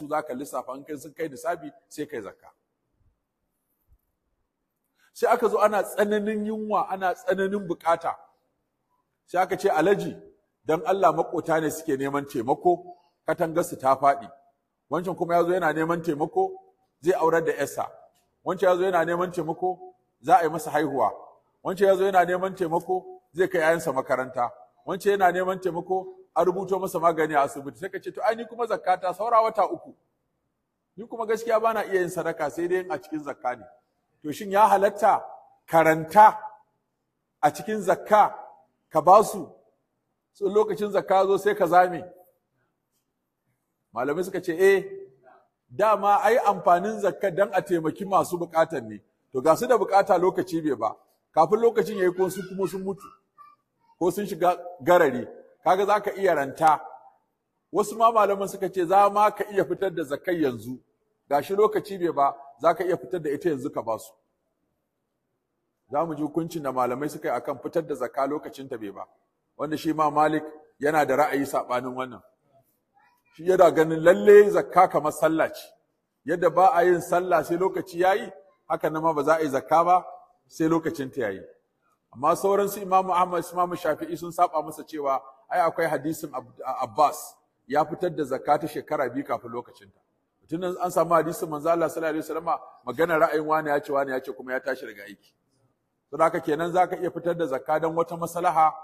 su za ka lissafa in kai sun kai nisabi sai kai zakka sai aka zo ana tsananin yunwa ana tsananin bukata sai aka ce alaji dan Allah makota ne suke neman taimako su ta faɗi wancan kuma ya yana neman taimako zai aurar da yarsa wancan ya yana neman taimako za a yi masa haihuwa wancan yazo yana neman taimako zai kai 'ya'yansa makaranta wancan yana neman taimako a rubuto masa magani a asibiti sai ka ce to ai ni kuma zakata saura wata uku ni kuma gaskiya bana iya yin sadaka sai dai a cikin zakka ne to shin ya halatta karanta a cikin zakka ka ba su sun lokacin zakka zo sai ka zame malamai suka ce eh dama ai amfanin zakka dan a taimaki masu bukatan ne to ga su da bukata lokaci bai ba kafin lokacin yayi ko su kuma sun mutu ko sun shiga garari kaga za ka iya ranta wasu ma malaman suka ce za ma ka iya fitar da zakai yanzu gashi lokaci bai ba za ka iya fitar da ita yanzu ka basu za mu ji hukuncin da malamai suka yi akan fitar da zakka lokacin ta bai ba wanda shi ma malik yana da ra'ayi saɓanin wannan shi yana ganin lalle zakka kamar sallah ce yadda ba a yin sallah sai lokaci yayi haka nan ma ba za a yi zakka ba sai lokacin ta yayi amma sauransu su imamu ahmad imamu shafi'i sun saba masa cewa ai akwai hadisin Abbas ya fitar da zakka shekara biyu kafin lokacinta tun an samu hadisin manzo Allah sallallahu alaihi wasallam magana ra'ayin wani ya ce wani ya ce kuma ya tashi daga aiki to haka kenan zaka iya fitar da zakka dan wata maslaha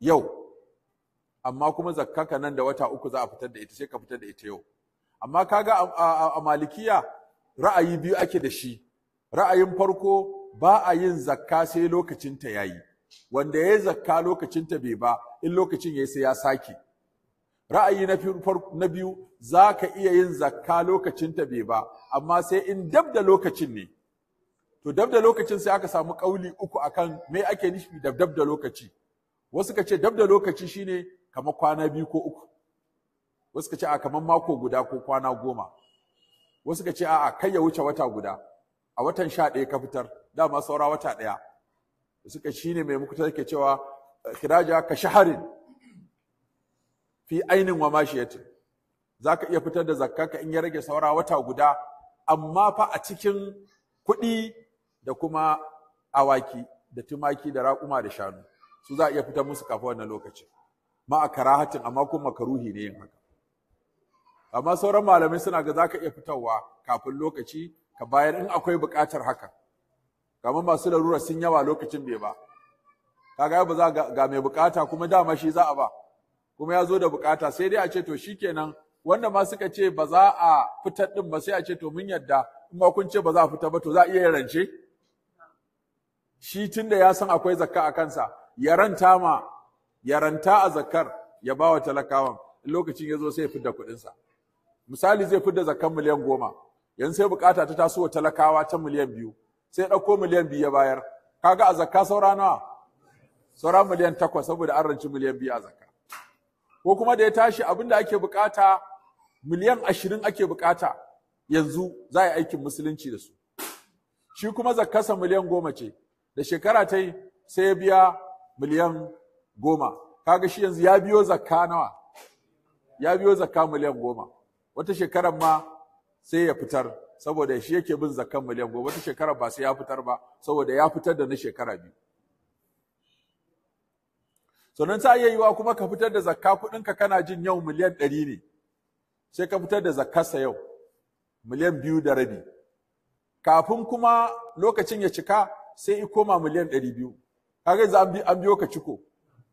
yau amma kuma zakkaka nan da wata uku za a fitar da ita sai ka fitar da ita yau amma kaga a malikiya ra'ayi biyu ake da shi ra'ayin farko ba a yin zakka sai lokacin ta yayi wanda ya yi zakka lokacin ta bai ba in lokacin yayi sai ya sake ra'ayi na na biyu ka iya yin zakka lokacin ta bai ba amma sai in dab da lokacin ne to dab da lokacin sai aka samu kauli uku akan me ake nishi da dab da lokaci wasu ka ce dab da lokaci shine kamar kwana biyu ko uku wasu ka ce a kamar mako guda ko kwana goma wasu ka ce a'a kai ya wuce wata guda a watan sha ɗaya ka fitar dama saura wata ɗaya suka shine mai muku take cewa khiraja ka shaharin fi ainin wa mashiyatin ka iya fitar da zakka in ya rage saura wata guda amma fa a cikin kuɗi da kuma awaki da tumaki da raƙuma da shanu su za a iya fitar musu kafa wannan lokacin ma a karahatin amma kuma makaruhi ne yin haka amma sauran malamai suna ga za ka iya fitarwa kafin lokaci ka bayar in akwai buƙatar haka kamar masu larura sun yawa lokacin bai ba kaga ba za ga mai bukata kuma dama shi za a ba kuma ya zo da bukata sai dai a ce to shikenan wanda ma suka ce ba za a fitar din ba sai a ce to mun yadda in ma kun ce ba za a fita ba to za a iya yarance rance shi tunda ya san akwai zakka a kansa ya ranta ma ya a zakkar ya ba wa talakawan lokacin ya zo sai ya fidda kuɗinsa misali zai fidda zakkan miliyan goma yanzu sai bukata ta taso wa talakawa ta miliyan biyu sai ɗauko miliyan biyu ya bayar kaga a zakka saura nawa saura miliyan takwas saboda an ranci miliyan biyu a zakka ko kuma da ya tashi abin da ake bukata miliyan ashirin ake bukata yanzu za a yi aikin musulunci da su shi kuma zakkasa miliyan goma ce da shekara ta yi sai ya biya miliyan goma kaga shi yanzu ya biyo zakka nawa ya biyo zakka miliyan goma wata shekarar ma sai ya fitar saboda shi yake bin zakan miliyan gobe ta shekara ba sai ya fitar ba saboda ya fitar da na shekara biyu sannan ta iya yiwa kuma ka fitar da zakka kuɗinka kana jin yau miliyan ɗari ne sai ka fitar da zakkarsa yau miliyan biyu da rabi kafin kuma lokacin ya cika sai i koma miliyan ɗari biyu kaga yanzu an biyo ka ciko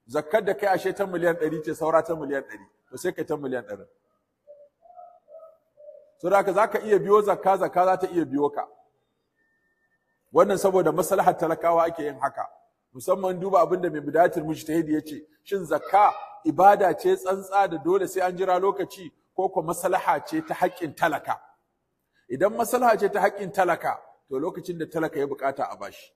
zakkar da kai ashe ta miliyan ɗari ce saura ta miliyan ɗari Ba sai kai ta miliyan ɗari saboda za ka iya biyo zakka zakka za ta iya biyo ka wannan saboda maslahar talakawa ake yin haka musamman duba abin da mai bidatir mujtahid ya ce shin zakka ibada ce tsantsa da dole sai an jira lokaci ko ko maslaha ce ta haƙƙin talaka idan maslaha ce ta haƙƙin talaka to lokacin da talaka ya bukata a bashi